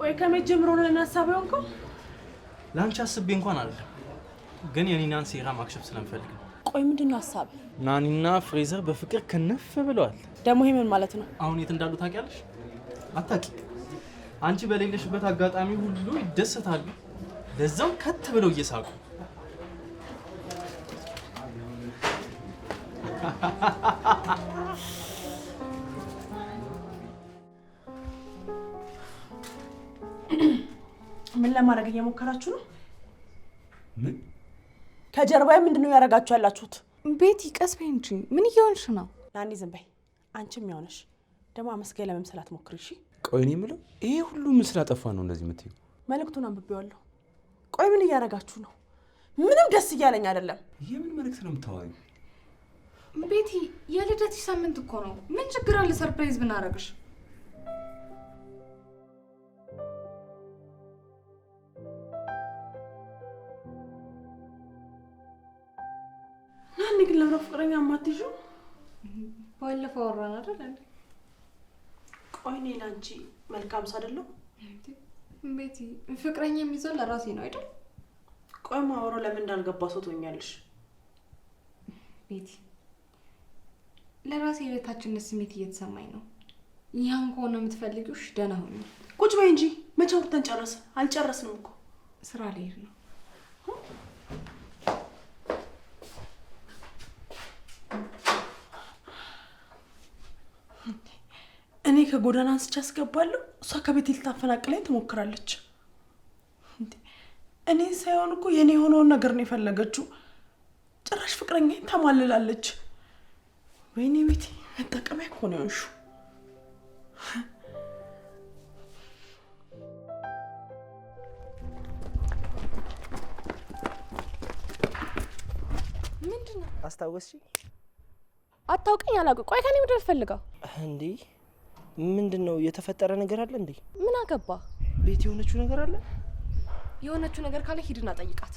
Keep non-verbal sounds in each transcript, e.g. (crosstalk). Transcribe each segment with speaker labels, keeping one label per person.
Speaker 1: ቆይ ከመቼ ጀምሮ ነው ለእኔ ሀሳብ የሆንከው?
Speaker 2: ለአንቺ አስቤ እንኳን አይደለም፣ ግን የኒናን ሴራ ማክሸፍ ስለምፈልግ።
Speaker 1: ቆይ ምንድን ነው ሀሳብ?
Speaker 2: ናኒና ፍሬዘር በፍቅር ክንፍ ብለዋል።
Speaker 1: ደግሞ ይሄ ምን ማለት ነው?
Speaker 2: አሁን የት እንዳሉ ታውቂያለሽ? አታቂ አንቺ በሌለሽበት አጋጣሚ ሁሉ ይደሰታሉ፣ ለዛው ከት ብለው እየሳቁ (laughs)
Speaker 1: ምን ለማድረግ እየሞከራችሁ ነው? ምን ከጀርባዬ ምንድን ነው ያደረጋችሁ ያላችሁት?
Speaker 3: ቤቲ ቀስ በይ እንጂ ምን እየሆንሽ ነው?
Speaker 1: ናኒ ዝም በይ። አንቺም ያሆነሽ ደግሞ አመስገን ለመምሰል አትሞክሪ እሺ።
Speaker 2: ቆይ እኔ የምለው ይሄ ሁሉ ምን ስላጠፋ ነው እንደዚህ የምትይው?
Speaker 1: መልእክቱን አንብቤዋለሁ። ቆይ ምን እያደረጋችሁ ነው? ምንም ደስ እያለኝ አይደለም።
Speaker 2: የምን መልእክት ነው የምታወሪው?
Speaker 3: ቤቲ የልደትሽ ሳምንት እኮ ነው። ምን ችግር አለ ሰርፕራይዝ ብናደርግሽ?
Speaker 1: ነው ፍቅረኛ ማትሹ?
Speaker 3: ባለፈው አወራን አይደል እንዴ?
Speaker 1: ቆይ እኔ መልካም ሳደለው
Speaker 3: ቤቲ ፍቅረኛ የሚይዘው ለራሴ ነው አይደል?
Speaker 1: ቆይ ማወራው ለምን እንዳልገባ ሰው ትሆኛለሽ
Speaker 3: ቤቲ። ለራሴ የበታችነት ስሜት እየተሰማኝ ነው። ያን ከሆነ የምትፈልጊው ደህና ሆኜ
Speaker 1: ቁጭ በይ እንጂ መቼ አውርተን ጨረስን? አልጨረስንም እኮ
Speaker 3: ስራ ልሄድ ነው።
Speaker 1: ከጎዳና አንስቼ አስገባለሁ። እሷ ከቤት ልታፈናቅለኝ ትሞክራለች። እኔ ሳይሆን እኮ የእኔ የሆነውን ነገር ነው የፈለገችው። ጭራሽ ፍቅረኛ ታማልላለች። ወይኔ ቤቴ መጠቀሚያ ከሆነ ያንሹ ምንድን ነው አስታወስሽ? አታውቀኝ አላውቅም። ቆይ ከኔ ምንድን ነው
Speaker 2: እንዲህ ምንድን ነው የተፈጠረ ነገር አለ እንዴ? ምን አገባ ቤት የሆነችው ነገር አለ።
Speaker 1: የሆነችው ነገር ካለ ሂድና ጠይቃት።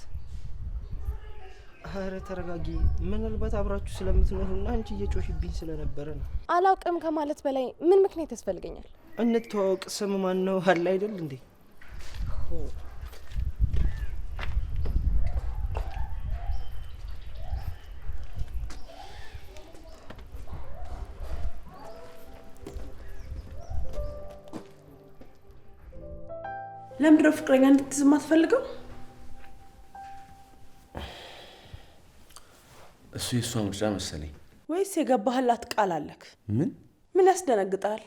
Speaker 2: አረ ተረጋጊ። ምናልባት አብራችሁ ስለምትኖሩና አንቺ እየጮሽብኝ ስለነበረ ነው።
Speaker 1: አላውቅም ከማለት በላይ ምን ምክንያት ያስፈልገኛል?
Speaker 2: እንተዋወቅ። ስም ማን ነው? አለ አይደል እንዴ
Speaker 1: ለምንድነው ፍቅረኛ እንድትይዝ የማትፈልገው?
Speaker 2: እሱ የእሷ ምርጫ መሰለኝ።
Speaker 1: ወይስ የገባህላት ቃል አለክ? ምን ምን ያስደነግጣል?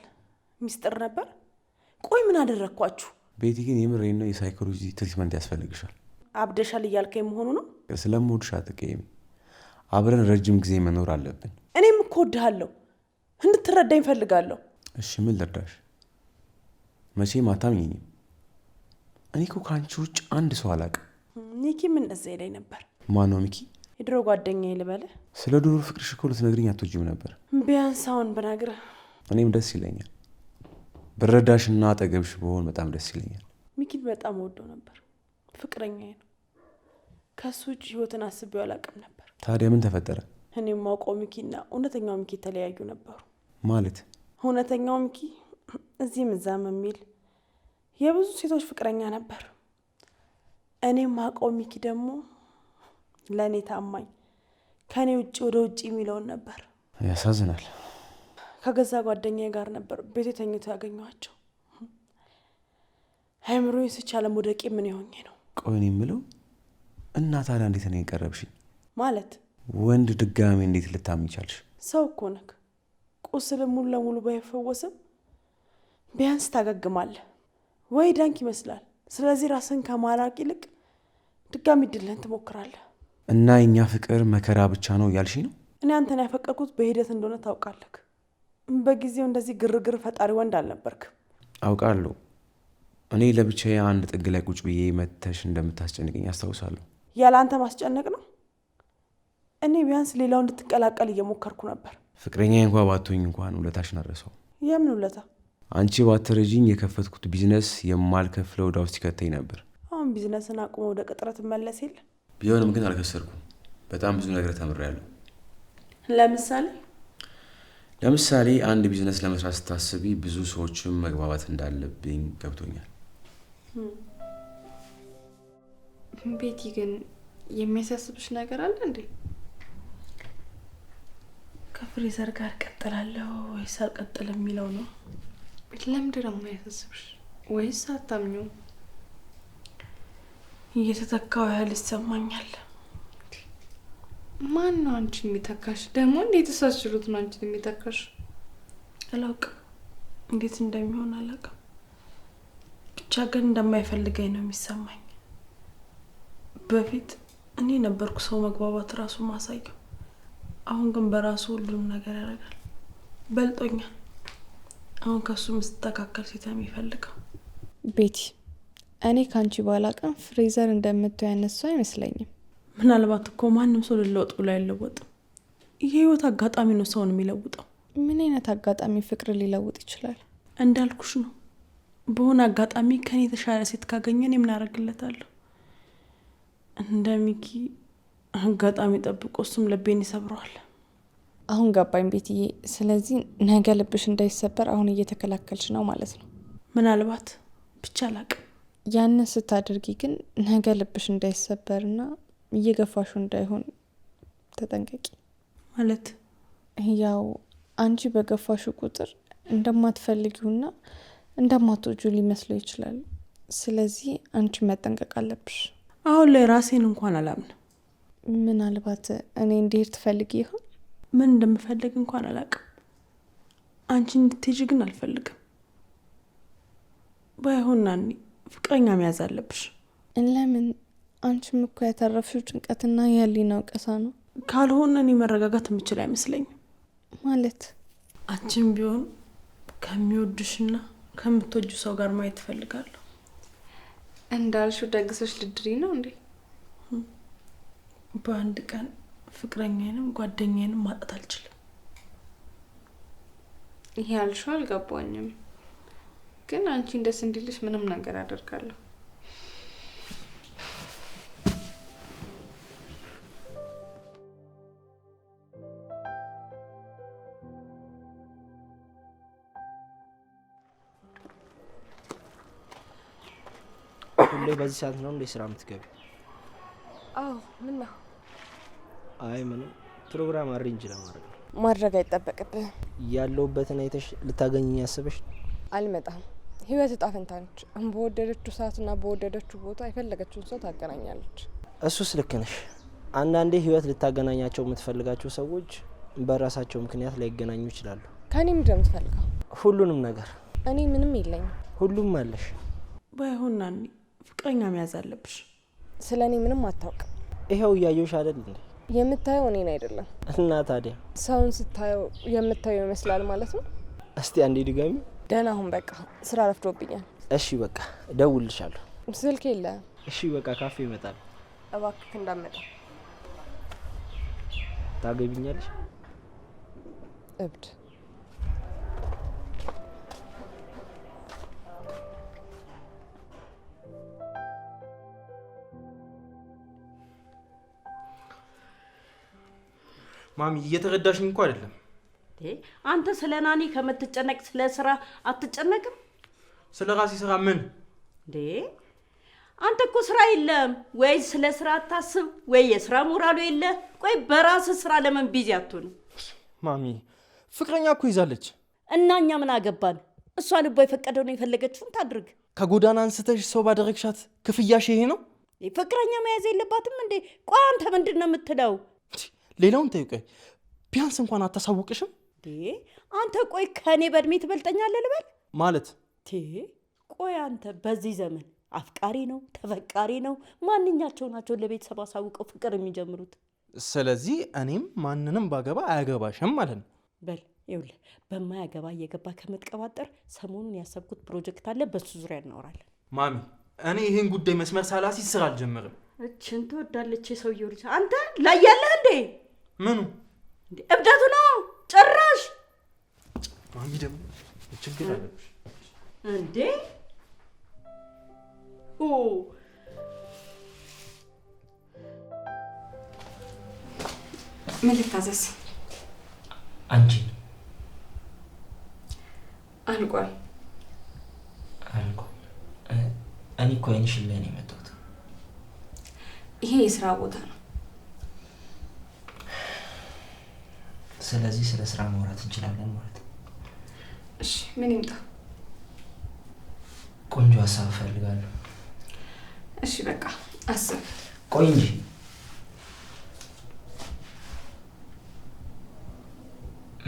Speaker 1: ሚስጥር ነበር። ቆይ ምን አደረግኳችሁ?
Speaker 2: ቤቲ ግን የምሬን ነው። የሳይኮሎጂ ትሪትመንት ያስፈልግሻል።
Speaker 1: አብደሻል እያልከኝ መሆኑ ነው?
Speaker 2: ስለምወድሽ አትቀይም። አብረን ረጅም ጊዜ መኖር አለብን።
Speaker 1: እኔም እኮ ወድሃለሁ፣ እንድትረዳኝ እፈልጋለሁ።
Speaker 2: እሺ ምን ልርዳሽ? መቼም አታምኝኝም እኔ እኮ ከአንቺ ውጭ አንድ ሰው አላውቅም።
Speaker 1: ምን እንደዛ ላይ ነበር። ማን ነው ሚኪ? የድሮ ጓደኛ ልበልህ።
Speaker 2: ስለ ድሮ ፍቅርሽ እኮ ልትነግሪኝ አትወጂም ነበር።
Speaker 1: ቢያንስ አሁን
Speaker 2: እኔም ደስ ይለኛል። ብረዳሽና አጠገብሽ በሆን በጣም ደስ ይለኛል።
Speaker 1: ሚኪን በጣም ወዶ ነበር። ፍቅረኛዬ ነው። ከሱ ውጭ ህይወትን አስቤው አላውቅም ነበር።
Speaker 2: ታዲያ ምን ተፈጠረ?
Speaker 1: እኔ የማውቀው ሚኪና እውነተኛው ሚኪ የተለያዩ ነበሩ። ማለት እውነተኛው ሚኪ እዚህም እዛም የሚል የብዙ ሴቶች ፍቅረኛ ነበር። እኔም አውቀው ሚኪ ደግሞ ለእኔ ታማኝ ከእኔ ውጭ ወደ ውጭ የሚለውን ነበር። ያሳዝናል። ከገዛ ጓደኛ ጋር ነበር ቤት የተኝቶ ያገኘኋቸው። አይምሮ ስቻለ መውደቄ ምን የሆኜ ነው?
Speaker 2: ቆይ እኔ የምለው እና ታዲያ እንዴት ነው የቀረብሽኝ? ማለት ወንድ ድጋሚ እንዴት ልታምኝ ቻልሽ?
Speaker 1: ሰው እኮ ነክ ቁስል ሙሉ ለሙሉ ባይፈወስም ቢያንስ ታገግማለህ። ወይ ዳንክ ይመስላል። ስለዚህ ራስን ከማራቅ ይልቅ ድጋሚ ድልህን ትሞክራለህ።
Speaker 2: እና የእኛ ፍቅር መከራ ብቻ ነው እያልሽ ነው?
Speaker 1: እኔ አንተን ያፈቀርኩት በሂደት እንደሆነ ታውቃለህ። በጊዜው እንደዚህ ግርግር ፈጣሪ ወንድ አልነበርክ
Speaker 2: አውቃለሁ። እኔ ለብቻ አንድ ጥግ ላይ ቁጭ ብዬ መተሽ እንደምታስጨንቅኝ አስታውሳለሁ።
Speaker 1: ያለ አንተ ማስጨነቅ ነው። እኔ ቢያንስ ሌላው እንድትቀላቀል እየሞከርኩ ነበር።
Speaker 2: ፍቅረኛ እንኳ ባቶኝ እንኳን ውለታሽን አረሰው። የምን ውለታ? አንቺ ባትረጂኝ የከፈትኩት ቢዝነስ የማልከፍለው ዕዳ ውስጥ ይከተኝ ነበር።
Speaker 1: አሁን ቢዝነስን አቁሞ ወደ ቅጥረት መለስ የለ
Speaker 2: ቢሆንም ግን አልከሰርኩም። በጣም ብዙ ነገር ተምሬያለሁ። ለምሳሌ ለምሳሌ አንድ ቢዝነስ ለመስራት ስታስቢ ብዙ ሰዎችም መግባባት እንዳለብኝ ገብቶኛል።
Speaker 3: ቤቲ ግን የሚያሳስብሽ ነገር አለ እንዴ?
Speaker 1: ከፍሬዘር ጋር ቀጥላለሁ ወይስ አልቀጥልም የሚለው ነው። ለምንድን ነው የማያሳስብሽ? ወይስ አታምኚው? እየተተካው ያህል ይሰማኛል። ማን ነው አንቺን የሚተካሽ? ደግሞ እንዴት ሳስችሉት ነው አንቺን የሚተካሽ? አላውቅም፣ እንዴት እንደሚሆን አላውቅም። ብቻ ግን እንደማይፈልገኝ ነው የሚሰማኝ። በፊት እኔ ነበርኩ ሰው መግባባት እራሱ ማሳየው፣ አሁን ግን በራሱ ሁሉም ነገር ያደርጋል። በልጦኛል። አሁን ከሱ ምስተካከል ሴት የሚፈልገው
Speaker 3: ቤቲ፣ እኔ ከአንቺ ባላቀን ፍሬዘር እንደምትው ያነሱ አይመስለኝም።
Speaker 1: ምናልባት እኮ ማንም ሰው ልለወጥ ብሎ አይለወጥም። የህይወት አጋጣሚ ነው ሰውን የሚለውጠው።
Speaker 3: ምን አይነት አጋጣሚ ፍቅር ሊለውጥ ይችላል?
Speaker 1: እንዳልኩሽ ነው። በሆነ አጋጣሚ ከኔ የተሻለ ሴት ካገኘ ምን እንደ ሚኪ አጋጣሚ ጠብቆ እሱም ልቤን ይሰብረዋል።
Speaker 3: አሁን ገባኝ ቤትዬ። ስለዚህ ነገ ልብሽ እንዳይሰበር አሁን እየተከላከልች ነው ማለት ነው።
Speaker 1: ምናልባት ብቻ አላቅም።
Speaker 3: ያንን ስታደርጊ ግን ነገ ልብሽ እንዳይሰበርና እየገፋሹ እንዳይሆን ተጠንቀቂ። ማለት ያው አንቺ በገፋሹ ቁጥር እንደማትፈልጊውና እንደማትወጁ ሊመስለው ይችላል። ስለዚህ አንቺ መጠንቀቅ አለብሽ።
Speaker 1: አሁን ላይ ራሴን እንኳን አላምን
Speaker 3: ምናልባት እኔ እንዲሄድ ትፈልጊ ይሆን?
Speaker 1: ምን እንደምፈልግ እንኳን አላውቅም። አንቺ እንድትሄጂ ግን አልፈልግም። ባይሆን ናኒ ፍቅረኛ መያዝ አለብሽ።
Speaker 3: ለምን? አንቺም እኮ ያተረፍሽው ጭንቀትና የህሊና ወቀሳ ነው።
Speaker 1: ካልሆነ እኔ መረጋጋት የምችል አይመስለኝም። ማለት አንቺም ቢሆን ከሚወድሽና ከምትወጁ ሰው ጋር ማየት ትፈልጋለሁ።
Speaker 3: እንዳልሽው ደግሰሽ ልድሪ ነው እንዴ?
Speaker 1: በአንድ ቀን ፍቅረኛንም ጓደኛንም ማጣት አልችልም።
Speaker 3: ይሄ ያልሽው አልገባኝም፣ ግን አንቺ እንደስ እንዲልሽ ምንም ነገር አደርጋለሁ።
Speaker 2: ሁሌ በዚህ ሰዓት ነው እንደ ስራ የምትገቢ?
Speaker 3: አዎ ምን ነው
Speaker 2: አይ ምንም ፕሮግራም አሬንጅ ለማድረግ ነው።
Speaker 3: ማድረግ አይጠበቅብህ።
Speaker 2: ያለውበትን አይተሽ ልታገኝ ያስበሽ
Speaker 3: አልመጣም። ህይወት እጣ ፈንታ ነች። በወደደችው ሰዓትና በወደደችው ቦታ የፈለገችውን ሰው ታገናኛለች።
Speaker 2: እሱስ ልክ ነሽ። አንዳንዴ ህይወት ልታገናኛቸው የምትፈልጋቸው ሰዎች በራሳቸው ምክንያት ላይገናኙ ይችላሉ።
Speaker 3: ከእኔ ምንድን ነው የምትፈልገው?
Speaker 2: ሁሉንም ነገር።
Speaker 3: እኔ ምንም የለኝም።
Speaker 2: ሁሉም አለሽ።
Speaker 1: ባይሆን ናኒ ፍቅረኛ መያዝ አለብሽ።
Speaker 3: ስለ እኔ ምንም አታውቅም።
Speaker 2: ይኸው እያየሁሽ አይደል እንዴ
Speaker 3: የምታየው እኔን አይደለም። እና ታዲያ ሰውን ስታየው የምታየው ይመስላል ማለት ነው።
Speaker 2: እስቲ አንዴ ድጋሚ።
Speaker 3: ደህና አሁን በቃ ስራ ረፍዶብኛል።
Speaker 2: እሺ በቃ እደውልልሻለሁ። ስልክ የለ። እሺ በቃ ካፌ ይመጣል።
Speaker 3: እባክህ እንዳመጣ።
Speaker 2: ታገቢኛለሽ? እብድ ማሚ እየተረዳሽኝ እንኳ አይደለም።
Speaker 4: አንተ ስለ ናኒ ከምትጨነቅ ስለ ስራ አትጨነቅም?
Speaker 2: ስለ ራሴ ስራ ምን
Speaker 4: እንዴ? አንተ እኮ ስራ የለም ወይ? ስለ ስራ አታስብ ወይ? የስራ ሞራሉ የለ። ቆይ በራስ ስራ ለምን ቢዚ አትሆን?
Speaker 2: ማሚ ፍቅረኛ እኮ ይዛለች
Speaker 4: እና እኛ ምን አገባን? እሷ ልቧ የፈቀደው ነው የፈለገችውን ታድርግ።
Speaker 2: ከጎዳና አንስተሽ ሰው ባደረግሻት ክፍያሽ ይሄ ነው?
Speaker 4: ፍቅረኛ መያዝ የለባትም እንዴ? ቆይ አንተ ምንድን ነው የምትለው?
Speaker 2: ሌላውን ጠይቀ ቢያንስ እንኳን አታሳውቅሽም?
Speaker 4: አንተ ቆይ ከእኔ በእድሜ ትበልጠኛለህ ልበል ማለት ቆይ አንተ በዚህ ዘመን አፍቃሪ ነው ተፈቃሪ ነው ማንኛቸው ናቸው ለቤተሰብ አሳውቀው ፍቅር የሚጀምሩት?
Speaker 2: ስለዚህ እኔም ማንንም ባገባ አያገባሽም ማለት ነው።
Speaker 4: በል ይኸውልህ፣ በማያገባ እየገባ ከምትቀባጠር ሰሞኑን ያሰብኩት ፕሮጀክት አለ፣ በሱ ዙሪያ እናወራለን።
Speaker 2: ማሚ፣ እኔ ይህን ጉዳይ መስመር ሳላሲ ስራ አልጀምርም።
Speaker 4: እችን ትወዳለች የሰውየው ልጅ። አንተ ላይ ያለህ እንዴ? ምኑ እብደቱ ነው ጭራሽ።
Speaker 2: ማሚ ደግሞ ችግር አለብሽ
Speaker 4: እንዴ?
Speaker 3: ምን ልታዘዝ? አንቺ አልቋል
Speaker 2: አልቋል። እኔ እኮ አይንሽን ላይ ነው የመጣሁት።
Speaker 3: ይሄ የስራ ቦታ ነው
Speaker 2: ስለዚህ ስለ ስራ ማውራት እንችላለን ማለት ነው።
Speaker 3: እሺ ምን ይምጣ?
Speaker 2: ቆንጆ ሀሳብ እፈልጋለሁ።
Speaker 3: እሺ በቃ አስብ።
Speaker 2: ቆይ እንጂ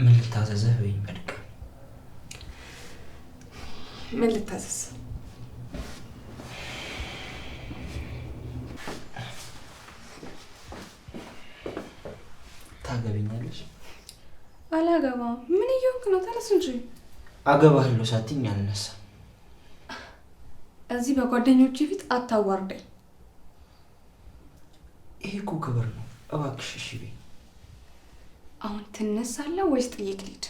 Speaker 2: ምን ልታዘዘህ በይኝ በድጋሚ።
Speaker 3: ምን ልታዘዝ?
Speaker 2: ታገቢኛለሽ?
Speaker 3: አላገባም። ምን እየሆንክ ነው? ተነስ እንጂ።
Speaker 2: አገባለሁ ሳትኝ አልነሳ።
Speaker 3: እዚህ በጓደኞቼ ፊት አታዋርደኝ።
Speaker 2: ይሄ እኮ ክብር ነው። እባክሽ እሺ በይ።
Speaker 3: አሁን ትነሳለህ ወይስ ጥዬክ ልሂድ?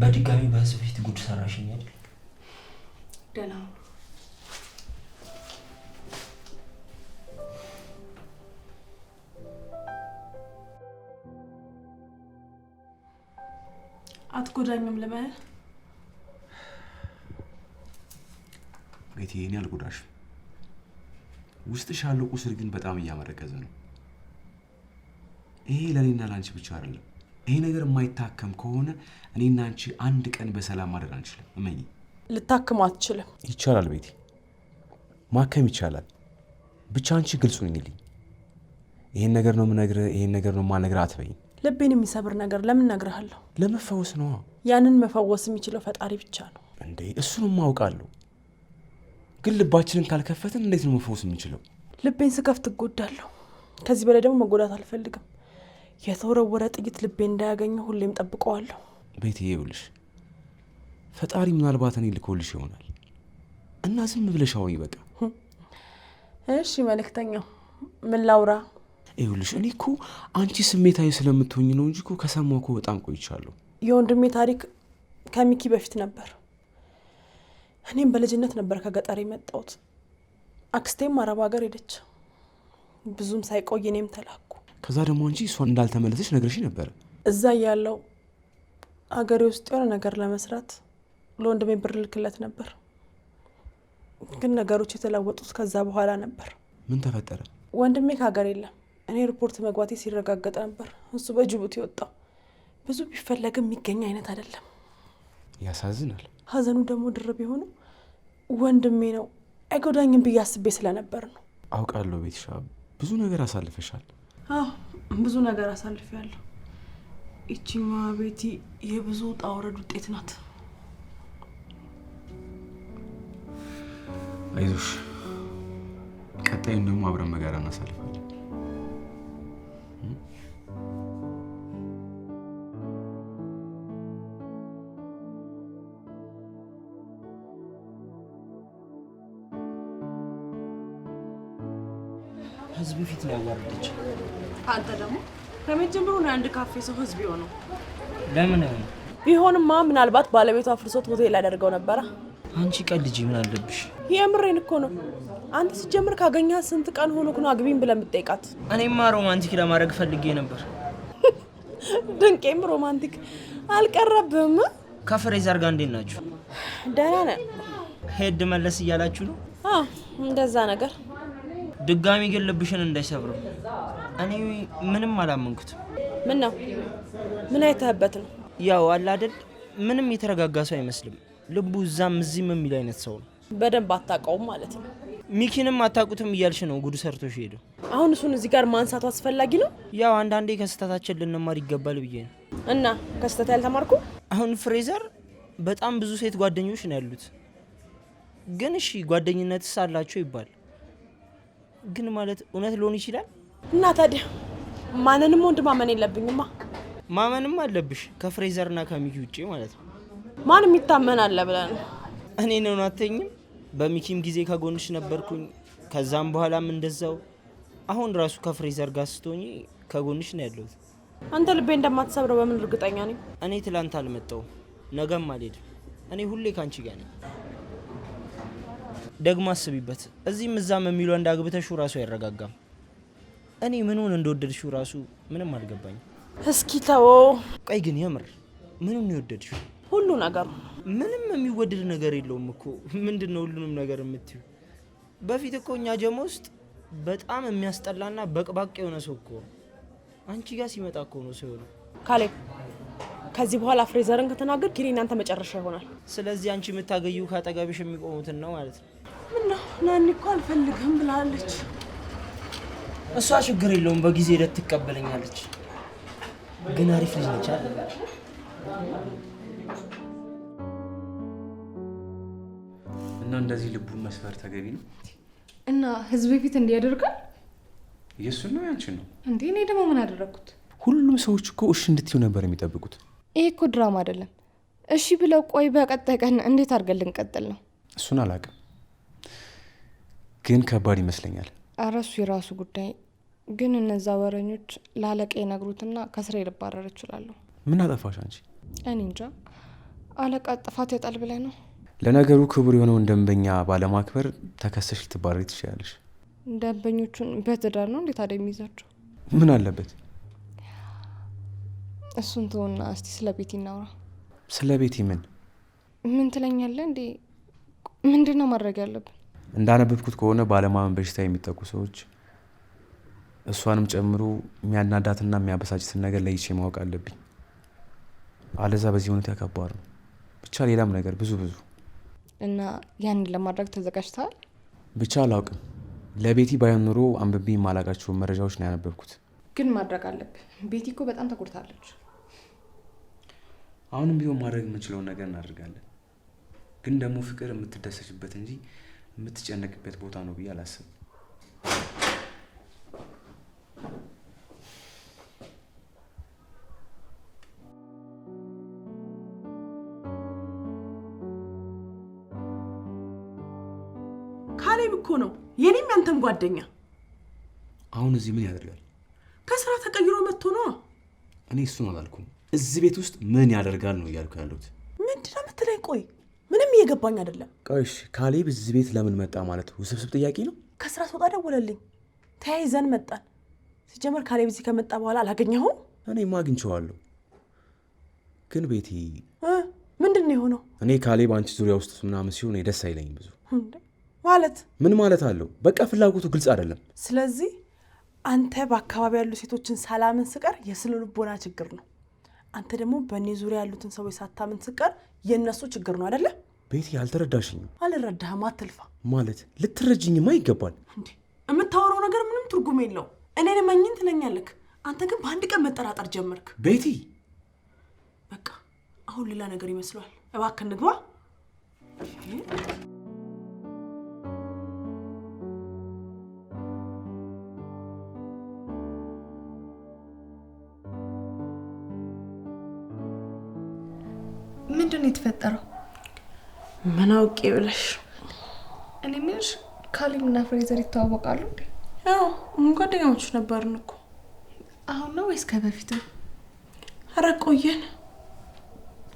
Speaker 2: በድጋሚ በህዝብ ፊት ጉድ ሰራሽኝ አይደል?
Speaker 3: ደህና አትጎዳኝም ልበል?
Speaker 2: ቤቴ እኔ አልጎዳሽም። ውስጥሽ ያለው ቁስል ግን በጣም እያመረቀዘ ነው። ይሄ ለእኔና ለአንቺ ብቻ አይደለም። ይሄ ነገር የማይታከም ከሆነ እኔና አንቺ አንድ ቀን በሰላም ማደር አንችልም። እመኝ።
Speaker 3: ልታክም አትችልም።
Speaker 2: ይቻላል ቤቴ፣ ማከም ይቻላል። ብቻ አንቺ ግልጹ ነኝልኝ። ይሄን ነገር ነው የምነግርህ፣ ይሄን ነገር ነው የማልነግርህ አትበይኝ።
Speaker 3: ልቤን የሚሰብር ነገር ለምን ነግረሃለሁ?
Speaker 2: ለመፈወስ ነዋ።
Speaker 3: ያንን መፈወስ የሚችለው ፈጣሪ ብቻ ነው።
Speaker 2: እንዴ እሱንም አውቃለሁ፣ ግን ልባችንን ካልከፈትን እንዴት ነው መፈወስ የሚችለው?
Speaker 3: ልቤን ስከፍት እጎዳለሁ። ከዚህ በላይ ደግሞ መጎዳት አልፈልግም። የተወረወረ ጥይት ልቤ እንዳያገኘው ሁሌም ጠብቀዋለሁ።
Speaker 2: ቤት ይኸውልሽ፣ ፈጣሪ ምናልባት እኔ ልኮልሽ ይሆናል እና ዝም ብለሽ አውኝ በቃ።
Speaker 3: እሺ መልእክተኛው፣ ምን ላውራ?
Speaker 2: ይኸውልሽ እኔ እኮ አንቺ ስሜታዊ ስለምትሆኝ ነው እንጂ እኮ ከሰማሁ እኮ በጣም ቆይቻለሁ።
Speaker 3: የወንድሜ ታሪክ ከሚኪ በፊት ነበር። እኔም በልጅነት ነበር ከገጠር የመጣሁት። አክስቴም አረብ ሀገር ሄደች። ብዙም ሳይቆይ እኔም ተላኩ።
Speaker 2: ከዛ ደግሞ አንቺ እሷን እንዳልተመለሰች ነግረሽ ነበር።
Speaker 3: እዛ ያለው አገሬ ውስጥ የሆነ ነገር ለመስራት ለወንድሜ ብር ልክለት ነበር፣ ግን ነገሮች የተለወጡት ከዛ በኋላ ነበር። ምን ተፈጠረ? ወንድሜ ከሀገር የለም እኔ ሪፖርት መግባቴ ሲረጋገጥ ነበር እሱ በጅቡቲ ወጣው። ብዙ ቢፈለግም የሚገኝ አይነት አይደለም። ያሳዝናል። ሀዘኑ ደግሞ ድርብ የሆነው ወንድሜ ነው አይጎዳኝም ብዬ አስቤ ስለነበር ነው።
Speaker 2: አውቃለሁ ቤትሻ፣ ብዙ ነገር አሳልፈሻል።
Speaker 3: አዎ ብዙ ነገር አሳልፊያለሁ። ይቺማ ቤቲ የብዙ ውጣ ውረድ ውጤት ናት።
Speaker 2: አይዞሽ፣ ቀጣዩን ደግሞ አብረን መጋራ እናሳልፋለን። ህዝብ ፊት ነው ያዋርደች።
Speaker 1: አንተ ደግሞ ከመጀመሩ ነው አንድ ካፌ ሰው ህዝብ የሆነው ለምን ነው? ቢሆንማ ምናልባት ባለቤቷ አፍርሶት ሆቴል ያደርገው ነበረ።
Speaker 2: አንቺ ቀልጂ፣ ምን አለብሽ?
Speaker 1: የምሬን እኮ ነው። አንተ ሲጀምር ካገኛት ስንት ቀን ሆኖ ነው አግቢኝ ብለን የምትጠይቃት?
Speaker 2: እኔማ ሮማንቲክ ለማድረግ ፈልጌ ነበር። (laughs)
Speaker 1: ድንቄም ሮማንቲክ አልቀረብም?
Speaker 2: ከፍሬዘር ጋር እንዴት ናችሁ? ደህና ነን። ሄድ መለስ እያላችሁ ነው
Speaker 1: እንደዛ ነገር
Speaker 2: ድጋሚ ግን ልብሽን እንዳይሰብረው። እኔ ምንም አላመንኩትም።
Speaker 1: ምን ነው ምን አይተህበት ነው?
Speaker 2: ያው አለ አይደል፣ ምንም የተረጋጋ ሰው አይመስልም። ልቡ እዛም እዚህም የሚል አይነት ሰው ነው።
Speaker 1: በደንብ አታውቀውም ማለት ነው።
Speaker 2: ሚኪንም አታውቁትም እያልሽ ነው? ጉዱ ሰርቶሽ ሄደው።
Speaker 1: አሁን እሱን እዚህ ጋር ማንሳቱ አስፈላጊ ነው?
Speaker 2: ያው አንዳንዴ ከስህተታችን ልንማር ይገባል ብዬ ነው።
Speaker 1: እና ከስህተት ያልተማርኩ
Speaker 2: አሁን ፍሬዘር በጣም ብዙ ሴት ጓደኞች ነው ያሉት። ግን እሺ ጓደኝነትስ አላቸው ይባል ግን ማለት እውነት ሊሆን ይችላል።
Speaker 1: እና ታዲያ ማንንም ወንድ ማመን የለብኝማ።
Speaker 2: ማመንም አለብሽ ከፍሬዘርና ከሚኪ ውጭ ማለት ነው።
Speaker 1: ማንም ይታመናል ብለህ ነው?
Speaker 2: እኔ ነው አተኝም። በሚኪም ጊዜ ከጎንሽ ነበርኩኝ፣ ከዛም በኋላም እንደዛው። አሁን ራሱ ከፍሬዘር ጋር ስትሆኚ ከጎንሽ ነው ያለሁት።
Speaker 1: አንተ ልቤ እንደማትሰብረው በምን እርግጠኛ ነኝ?
Speaker 2: እኔ ትላንት አልመጣሁም፣ ነገም አልሄድም። እኔ ሁሌ ካንቺ ጋር ነኝ። ደግሞ አስቢበት። እዚህም እዛም የሚለው እንዳግብተሹ ራሱ አይረጋጋም። እኔ ምንን እንደወደድሽው ራሱ ምንም አልገባኝ?
Speaker 1: እስኪ ተወው።
Speaker 2: ቆይ ግን የምር ምንም የወደድሽው? ሁሉ ነገር። ምንም የሚወደድ ነገር የለውም እኮ። ምንድን ነው ሁሉንም ነገር የምትዩ? በፊት እኮ እኛ ጀመ ውስጥ በጣም የሚያስጠላና በቅባቅ የሆነ ሰው እኮ አንቺ ጋር ሲመጣ እኮ ነው ሰው
Speaker 1: ካሌብ ከዚህ በኋላ ፍሬዘርን ከተናገር ጊዜ እናንተ መጨረሻ ይሆናል።
Speaker 2: ስለዚህ አንቺ የምታገዩ ከአጠገብሽ የሚቆሙትን ነው ማለት ነው።
Speaker 1: ምነው ናኒ እኮ አልፈልግም ብላለች።
Speaker 2: እሷ ችግር የለውም በጊዜ ሂደት ትቀበለኛለች። ግን አሪፍ ልጅ ነች። እና እንደዚህ ልቡን መስፈር ተገቢ ነው
Speaker 3: እና ህዝብ ፊት እንዲህ ያደርጋል።
Speaker 2: የእሱን ነው ያንቺን ነው
Speaker 3: እንዴ? እኔ ደግሞ ምን አደረግኩት?
Speaker 2: ሁሉም ሰዎች እኮ እሺ እንድትይው ነበር የሚጠብቁት።
Speaker 3: ይሄ እኮ ድራማ አይደለም። እሺ ብለው ቆይ፣ በቀጣይ ቀን እንዴት አድርገን ልንቀጥል ነው?
Speaker 2: እሱን አላውቅም ግን ከባድ ይመስለኛል።
Speaker 3: አረሱ የራሱ ጉዳይ ግን እነዛ ወረኞች ለአለቃ ይነግሩትና ከስራ ልባረር እችላለሁ።
Speaker 2: ምን አጠፋሽ አንቺ?
Speaker 3: እኔ እንጃ። አለቃ ጥፋት ያጣል ብለህ ነው?
Speaker 2: ለነገሩ ክቡር የሆነውን ደንበኛ ባለማክበር ተከሰሽ ልትባረሪ ትችላለሽ።
Speaker 3: ደንበኞቹን በትዳር ነው እንዴት አደ የሚይዛቸው? ምን አለበት? እሱን ተውና እስቲ ስለ ቤቲ እናውራ።
Speaker 2: ስለ ቤቲ ምን
Speaker 3: ምን ትለኛለህ እንዴ? ምንድን ነው ማድረግ ያለብን?
Speaker 2: እንዳነበብኩት ከሆነ ባለማመን በሽታ የሚጠቁ ሰዎች እሷንም ጨምሮ የሚያናዳትና የሚያበሳጭትን ነገር ለይቼ ማወቅ አለብኝ። አለዛ በዚህ ሁኔታ ከባድ ነው። ብቻ ሌላም ነገር ብዙ ብዙ
Speaker 3: እና ያንን ለማድረግ ተዘጋጅተዋል።
Speaker 2: ብቻ አላውቅም። ለቤቲ ባይሆን ኑሮ አንብቤ የማላውቃቸውን መረጃዎች ነው ያነበብኩት።
Speaker 3: ግን ማድረግ አለብህ። ቤቲ እኮ በጣም ተጎድታለች።
Speaker 2: አሁንም ቢሆን ማድረግ የምንችለውን ነገር እናደርጋለን። ግን ደግሞ ፍቅር የምትደሰችበት እንጂ የምትጨነቅበት ቦታ ነው ብዬ አላስብ።
Speaker 1: ካሌብ እኮ ነው የኔም ያንተም ጓደኛ።
Speaker 2: አሁን እዚህ ምን ያደርጋል?
Speaker 1: ከስራ ተቀይሮ መጥቶ ነ?
Speaker 2: እኔ እሱን አላልኩም። እዚህ ቤት ውስጥ ምን ያደርጋል ነው እያልኩ ያሉት።
Speaker 1: ምንድነው የምትለኝ? ቆይ እየገባኝ አይደለም።
Speaker 2: ቆይሽ ካሌብ እዚህ ቤት ለምን መጣ ማለት ውስብስብ ጥያቄ ነው።
Speaker 1: ከስራ ስወጣ ደወለልኝ፣ ተያይዘን መጣን። ሲጀመር ካሌብ እዚህ ከመጣ በኋላ አላገኘሁም።
Speaker 2: እኔማ አግኝቼዋለሁ። ግን ቤቲ ምንድን ነው የሆነው? እኔ ካሌብ አንቺ ዙሪያ ውስጥ ምናምን ሲሆን ደስ አይለኝም ብዙ ማለት ምን ማለት አለው? በቃ ፍላጎቱ ግልጽ አይደለም።
Speaker 1: ስለዚህ አንተ በአካባቢ ያሉ ሴቶችን ሳላምን ስቀር የስነ ልቦና ችግር ነው። አንተ ደግሞ በእኔ ዙሪያ ያሉትን ሰዎች ሳታምን ስቀር የእነሱ ችግር ነው አይደለም?
Speaker 2: ቤቲ አልተረዳሽኝም።
Speaker 1: አልረዳህም፣ አትልፋ
Speaker 2: ማለት ልትረጅኝማ ይገባል። እንዴ
Speaker 1: የምታወራው ነገር ምንም ትርጉም የለው። እኔን መኝን ትለኛለክ፣ አንተ ግን በአንድ ቀን መጠራጠር ጀመርክ። ቤቲ በቃ አሁን ሌላ ነገር ይመስሏል። እባክህ ንግባ።
Speaker 3: ምንድን ነው የተፈጠረው?
Speaker 1: ምን አውቄ ብለሽ።
Speaker 3: እኔ የምልሽ ካሌብ ፍሬዘር ይተዋወቃሉ እንዴ?
Speaker 1: ያው ጓደኛሞች ነበርን እኮ።
Speaker 3: አሁን ነው ወይስ ከበፊት?
Speaker 1: ኧረ ቆየን።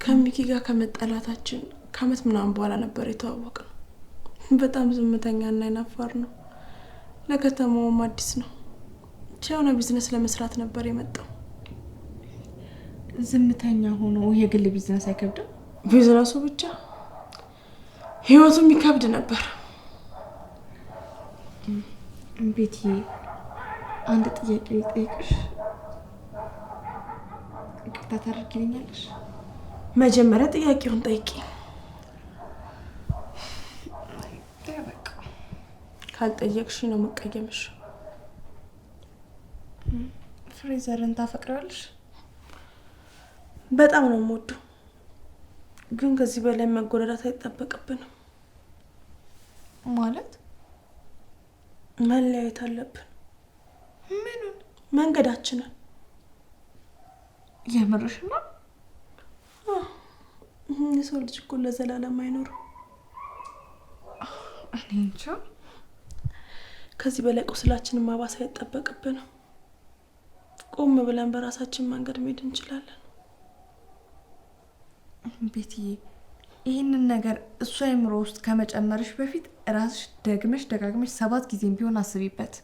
Speaker 1: ከሚኪ ጋር ከመጠላታችን ከአመት ምናምን በኋላ ነበር ነው። በጣም ዝምተኛ እና ይናፋር ነው። ለከተማውም አዲስ ነው። የሆነ ቢዝነስ ለመስራት ነበር የመጣው።
Speaker 3: ዝምተኛ ሆኖ የግል ቢዝነስ አይከብድም?
Speaker 1: ቢዝነሱ ብቻ ህይወቱም ይከብድ ነበር።
Speaker 3: ቤቲ፣ አንድ ጥያቄ ልጠይቅሽ። ይቅርታ ታደርጊልኛለሽ?
Speaker 1: መጀመሪያ ጥያቄውን ጠይቂ። ካልጠየቅሽ ነው መቀየምሽ።
Speaker 3: ፍሬዘርን ታፈቅሪዋለሽ?
Speaker 1: በጣም ነው የምወደው ግን ከዚህ በላይ መጎዳዳት አይጠበቅብንም። ማለት መለያየት አለብን። ምኑን? መንገዳችንን።
Speaker 3: የምርሽ ነው?
Speaker 1: የሰው ልጅ እኮ ለዘላለም አይኖርም። እኔ እንጃ። ከዚህ በላይ ቁስላችንን ማባስ አይጠበቅብንም። ቆም ብለን በራሳችን መንገድ መሄድ እንችላለን።
Speaker 3: ቤትዬ ይህንን ነገር እሱ አይምሮ ውስጥ ከመጨመርሽ በፊት ራስሽ ደግመሽ ደጋግመሽ ሰባት ጊዜም ቢሆን አስቢበት።